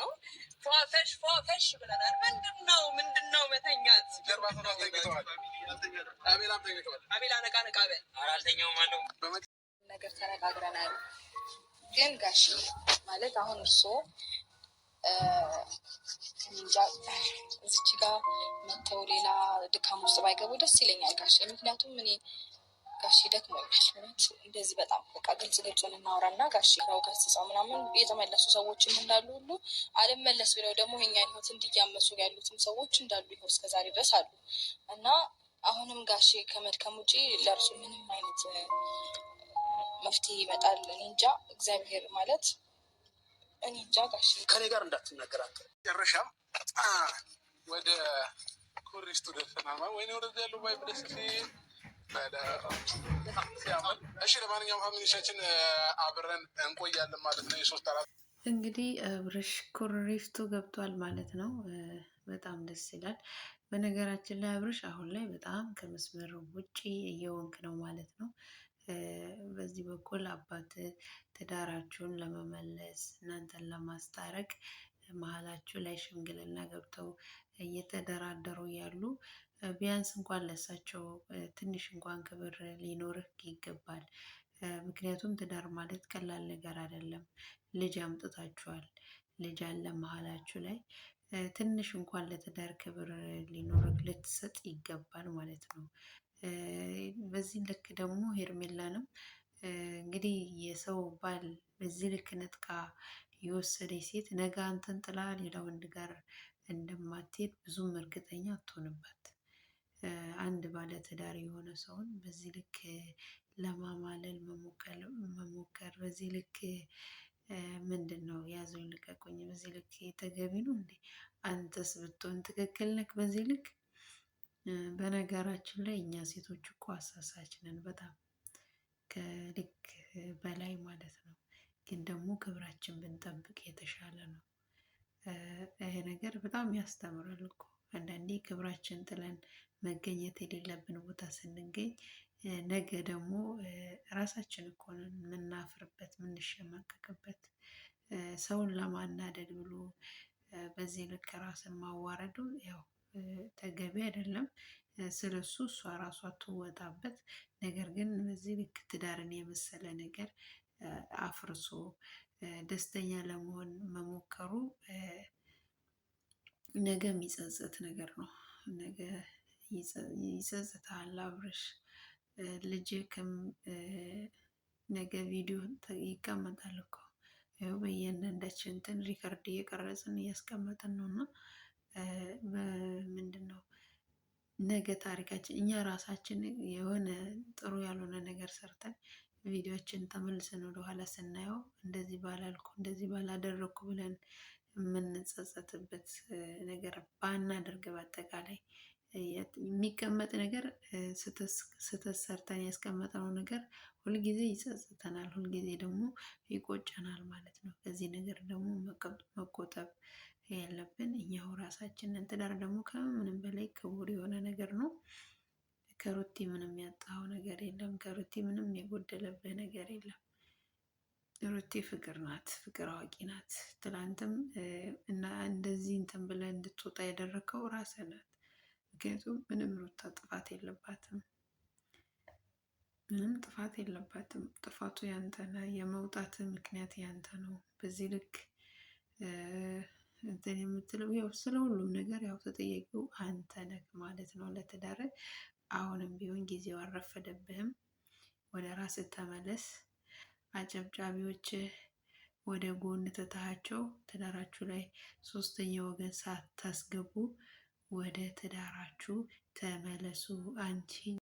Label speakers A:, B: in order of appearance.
A: ነው። ፏፈሽ ፏፈሽ ብለናል። ምንድን ነው ምንድን ነው መተኛት? አቤላ ነቃ ነቃ በል።
B: አራልተኛው ማለው
A: ነገር ተነጋግረናል። ግን ጋሽ ማለት አሁን እርሶ እዚች ጋር መተው ሌላ ድካም ውስጥ ባይገቡ ደስ ይለኛል ጋሽ ምክንያቱም እኔ ጋሼ ደክሞኛል፣ እንደዚህ በጣም በቃ ግልጽ ግልጽ ልናወራ እና ጋሼ ነው ገስጸው ምናምን የተመለሱ ሰዎችም እንዳሉ ሁሉ አልመለስ ብለው ደግሞ የኛን ህይወት እንዲያመሱ ያሉትም ሰዎች እንዳሉ ይኸው እስከዛሬ ድረስ አሉ እና አሁንም ጋሽ ከመድከም ውጪ ለእርሱ ምንም አይነት መፍትሄ ይመጣል እንጃ። እግዚአብሔር ማለት እኔ እንጃ። ጋሼ
B: ከኔ ጋር እንዳትነገራት መጨረሻም ወደ ኮሪስቱ ደፈናማ ወይኔ ወደዚ ያሉ ባይ ብደስ እሺ ለማንኛውም ፋሚሊዎቻችን አብረን እንቆያለን ማለት ነው። የሶስት አራት
C: እንግዲህ አብርሽ ኩሪፍቱ ገብቷል ማለት ነው። በጣም ደስ ይላል። በነገራችን ላይ አብርሽ አሁን ላይ በጣም ከመስመር ውጪ እየወንክ ነው ማለት ነው። በዚህ በኩል አባት ትዳራችሁን ለመመለስ እናንተን ለማስታረቅ መሀላችሁ ላይ ሽምግልና ገብተው እየተደራደሩ ያሉ ቢያንስ እንኳን ለሳቸው ትንሽ እንኳን ክብር ሊኖርህ ይገባል። ምክንያቱም ትዳር ማለት ቀላል ነገር አይደለም። ልጅ አምጥታችኋል። ልጅ አለ መሀላችሁ ላይ ትንሽ እንኳን ለትዳር ክብር ሊኖርህ ልትሰጥ ይገባል ማለት ነው። በዚህ ልክ ደግሞ ሄርሜላንም እንግዲህ የሰው ባል በዚህ ልክ ነጥቃ የወሰደች ሴት ነገ አንተን ጥላ ሌላ ወንድ ጋር እንደማትሄድ ብዙም እርግጠኛ አትሆንበት። አንድ ባለ ትዳር የሆነ ሰውን በዚህ ልክ ለማማለል መሞከር በዚህ ልክ ምንድን ነው ያዘው ልቀቁኝ፣ በዚህ ልክ የተገቢ ነው እንዴ? አንተስ ብትሆን ትክክል ነክ በዚህ ልክ። በነገራችን ላይ እኛ ሴቶች እኮ አሳሳች ነን በጣም ከልክ በላይ ማለት ነው። ግን ደግሞ ክብራችን ብንጠብቅ የተሻለ ነው። ይሄ ነገር በጣም ያስተምራል እኮ አንዳንዴ ክብራችን ጥለን መገኘት የሌለብን ቦታ ስንገኝ ነገ ደግሞ ራሳችን እኮ ነን የምናፍርበት የምንሸማቀቅበት። ሰውን ለማናደድ ብሎ በዚህ ልክ ራስን ማዋረዱ ያው ተገቢ አይደለም። ስለሱ እሷ ራሷ ትወጣበት። ነገር ግን በዚህ ልክ ትዳርን የመሰለ ነገር አፍርሶ ደስተኛ ለመሆን መሞከሩ ነገ የሚጸጽት ነገር ነው። ነገ ይጸጽታል። አብርሽ ልጅ ነገ ቪዲዮ ይቀመጣል እኮ ይኸው በእያንዳንዳችን እንትን ሪከርድ እየቀረጽን እያስቀመጥን ነው እና ምንድን ነው ነገ ታሪካችን እኛ ራሳችን የሆነ ጥሩ ያልሆነ ነገር ሰርተን ቪዲዮችን ተመልሰን ወደኋላ ስናየው እንደዚህ ባላልኩ እንደዚህ ባላደረግኩ ብለን የምንጸጸትበት ነገር ባናደርግ በአጠቃላይ የሚቀመጥ ነገር ስህተት ሰርተን ያስቀመጠነው ነገር ሁልጊዜ ይጸጽተናል፣ ሁልጊዜ ደግሞ ይቆጨናል ማለት ነው። ከዚህ ነገር ደግሞ መቆጠብ ያለብን እኛው ራሳችንን። ትዳር ደግሞ ከምንም በላይ ክቡር የሆነ ነገር ነው። ከሩቲ ምንም ያጣኸው ነገር የለም። ከሩቲ ምንም የጎደለብህ ነገር የለም። ሩቲ ፍቅር ናት፣ ፍቅር አዋቂ ናት። ትላንትም እና እንደዚህ እንትን ብለህ እንድትወጣ ያደረግከው ራስ ናት። ምክንያቱም ምንም ሩታ ጥፋት የለባትም፣ ምንም ጥፋት የለባትም። ጥፋቱ ያንተ ነህ። የመውጣት ምክንያት ያንተ ነው። በዚህ ልክ እንትን የምትለው ያው ስለ ሁሉም ነገር ያው ተጠያቂው አንተ ነህ ማለት ነው። ለትዳር አሁንም ቢሆን ጊዜው አልረፈደብህም። ወደ ራስህ ተመለስ። አጨብጫቢዎች ወደ ጎን ትተሃቸው ትዳራችሁ ላይ ሶስተኛ ወገን ሳታስገቡ ወደ ትዳራችሁ ተመለሱ። አንቺ